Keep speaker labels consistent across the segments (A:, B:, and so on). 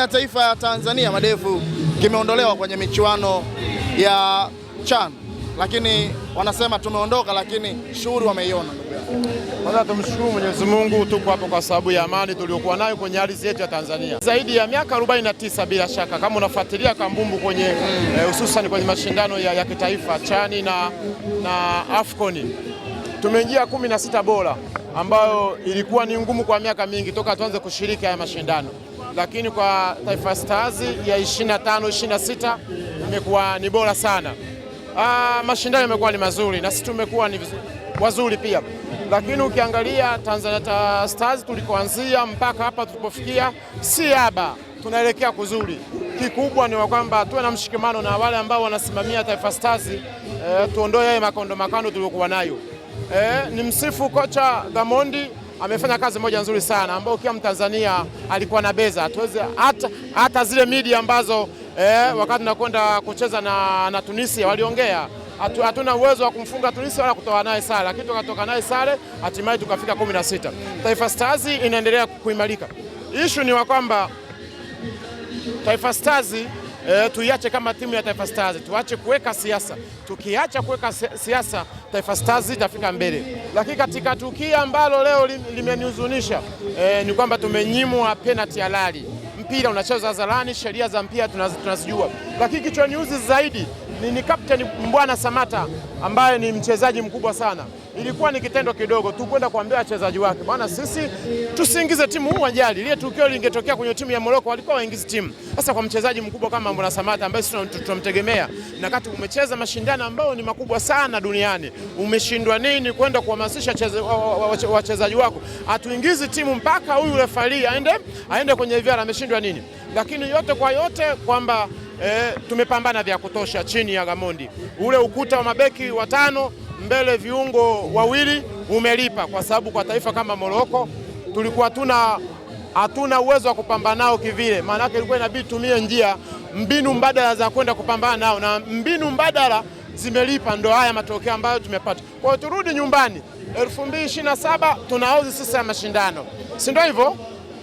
A: ya taifa ya Tanzania madefu kimeondolewa kwenye michuano ya CHAN, lakini wanasema tumeondoka, lakini shughuli wameiona.
B: Kwanza tumshukuru Mwenyezi Mungu, tuko hapo kwa sababu ya amani tuliokuwa nayo kwenye ardhi yetu ya Tanzania zaidi ya miaka 49. Bila shaka kama unafuatilia kambumbu kwenye eh, hususan eh, kwenye mashindano ya, ya kitaifa chani na, na Afcon tumeingia 16 bora, ambayo ilikuwa ni ngumu kwa miaka mingi toka tuanze kushiriki haya mashindano lakini kwa Taifa Stars ya 25 26 imekuwa ni bora sana. Ah, mashindano yamekuwa ni mazuri na sisi tumekuwa ni wazuri pia, lakini ukiangalia Tanzania Stars tulikoanzia mpaka hapa tulipofikia si haba, tunaelekea kuzuri. Kikubwa ni kwamba tuwe na mshikamano na wale ambao wanasimamia Taifa Stars eh, tuondoe yale makondo makando tuliokuwa nayo eh, ni msifu kocha Gamondi amefanya kazi moja nzuri sana ambayo kila Mtanzania alikuwa na beza tuweze hata, hata zile media ambazo eh, wakati tunakwenda kucheza na, na Tunisia waliongea hatuna Atu, uwezo wa kumfunga Tunisia wala kutoa naye sare, lakini tukatoka naye sare, hatimaye tukafika kumi na sita. Taifa Stars inaendelea kuimarika. Ishu ni wa kwamba Taifa Stars e, tuiache kama timu ya Taifa Stars, tuache kuweka siasa. Tukiacha kuweka siasa, Taifa Stars itafika mbele. Lakini katika tukio ambalo leo limenihuzunisha e, ni kwamba tumenyimwa penalti halali. Mpira unachezwa hadharani, sheria za mpira tunazijua, lakini kichwaniuzi zaidi ni, ni Captain Mbwana Samata ambaye ni mchezaji mkubwa sana. Ilikuwa ni kitendo kidogo tu kwenda kuambia wachezaji wake bwana, sisi tusiingize timu huu ajali. Ile tukio lingetokea kwenye timu ya Moroko walikuwa waingizi timu. Sasa kwa mchezaji mkubwa kama Mbwana Samata ambaye sisi tunamtegemea, na kati umecheza mashindano ambayo ni makubwa sana duniani, umeshindwa nini kwenda kuhamasisha wachezaji wako atuingizi timu mpaka huyu refari aende aende kwenye VAR? Ameshindwa nini? Lakini yote kwa yote kwamba e, tumepambana vya kutosha chini ya Gamondi. Ule ukuta wa mabeki watano mbele viungo wawili umelipa, kwa sababu kwa taifa kama Moroko tulikuwa tuna hatuna uwezo wa kupambana nao kivile, maana yake ilikuwa inabidi tumie njia mbinu mbadala za kwenda kupambana nao, na mbinu mbadala zimelipa, ndo haya matokeo ambayo tumepata. Kwa hiyo turudi nyumbani, 2027 tunaozi sasa ya mashindano, si ndio hivyo?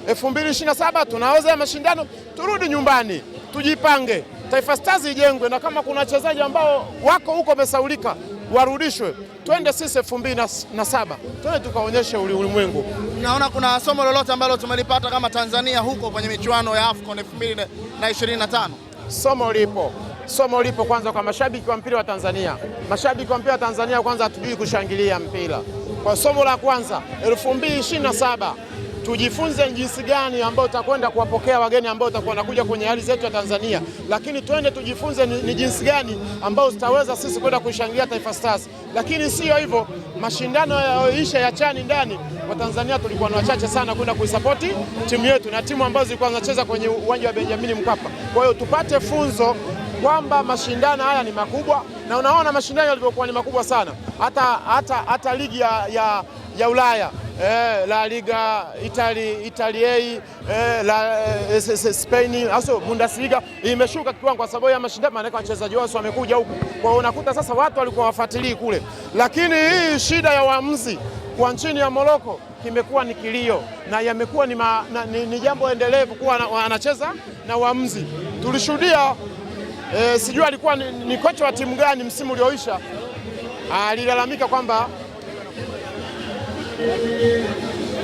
B: 2027 tunaoza ya mashindano, turudi nyumbani tujipange, Taifa Stars ijengwe, na kama kuna wachezaji ambao wako huko wamesaulika warudishwe, twende sisi elfu mbili na saba twende tukaonyeshe ulimwengu.
A: Naona kuna somo lolote ambalo tumelipata kama Tanzania huko kwenye michuano ya AFCON 2025?
B: Somo lipo, somo lipo kwanza kwa mashabiki wa mpira wa Tanzania. Mashabiki wa mpira wa Tanzania kwanza hatujui kushangilia mpira. Kwa somo la kwanza saba tujifunze jinsi gani ambao tutakwenda kuwapokea wageni ambao tutakuwa wanakuja kwenye hali zetu ya Tanzania, lakini twende tujifunze ni, ni jinsi gani ambao tutaweza sisi kwenda kushangilia Taifa Stars, lakini siyo hivyo mashindano yaisha ya chani ndani Tanzania tulikuwa na wachache sana kwenda kuisapoti timu yetu na timu ambazo zilikuwa zinacheza kwenye uwanja wa Benjamini Mkapa. Kwa hiyo tupate funzo kwamba mashindano haya ni makubwa, na unaona mashindano yalivyokuwa ni makubwa sana, hata, hata, hata ligi ya, ya ya Ulaya eh, La Liga Itali, Italiei eh, la eh, Spain hasa Bundesliga imeshuka kiwango kwa sababu ya mashindano, maana wachezaji wao wamekuja huku, kwa unakuta sasa watu walikuwa wafuatilii kule, lakini hii shida ya waamuzi kwa nchini ya Moroko kimekuwa ni kilio na yamekuwa ni, ni, ni jambo endelevu kuwa anacheza na waamuzi. Tulishuhudia eh, sijui alikuwa ni, ni kocha wa timu gani msimu ulioisha alilalamika kwamba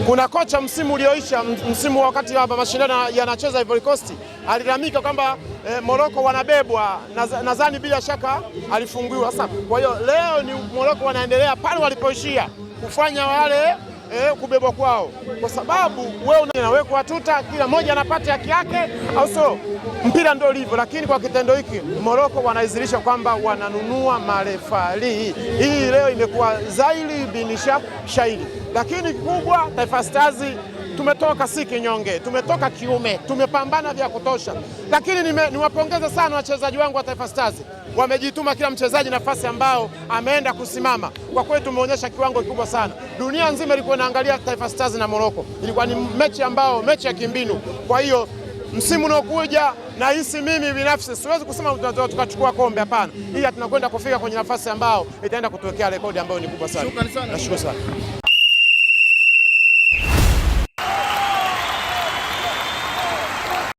B: kuna kocha msimu ulioisha, msimu wakati hapa mashindano yanacheza Ivory Coast, alilalamika kwamba e, eh, Moroko wanabebwa. Nadhani bila shaka alifungiwa. Sasa kwa hiyo leo ni Moroko wanaendelea pale walipoishia kufanya wale eh, kubebwa kwao, kwa sababu wewe unawekwa tuta, kila mmoja anapata haki yake, au sio? Mpira ndio ulivyo, lakini kwa kitendo hiki Moroko wanaizirisha kwamba wananunua marefali. Hii leo imekuwa Zaili bin Shaili, lakini kubwa Taifa Stars tumetoka si kinyonge, tumetoka kiume, tumepambana vya kutosha. Lakini niwapongeze ni sana wachezaji wangu wa Taifa Stars, wamejituma kila mchezaji nafasi ambao ameenda kusimama. Kwa kweli tumeonyesha kiwango kikubwa sana. Dunia nzima ilikuwa inaangalia Taifa Stars na Morocco, ilikuwa ni mechi ambao mechi ya kimbinu. Kwa hiyo msimu unaokuja nahisi mimi binafsi siwezi kusema tukachukua kombe, hapana, ila tunakwenda kufika kwenye nafasi ambao itaenda kutuwekea rekodi ambayo ni kubwa sana.
A: Nashukuru sana.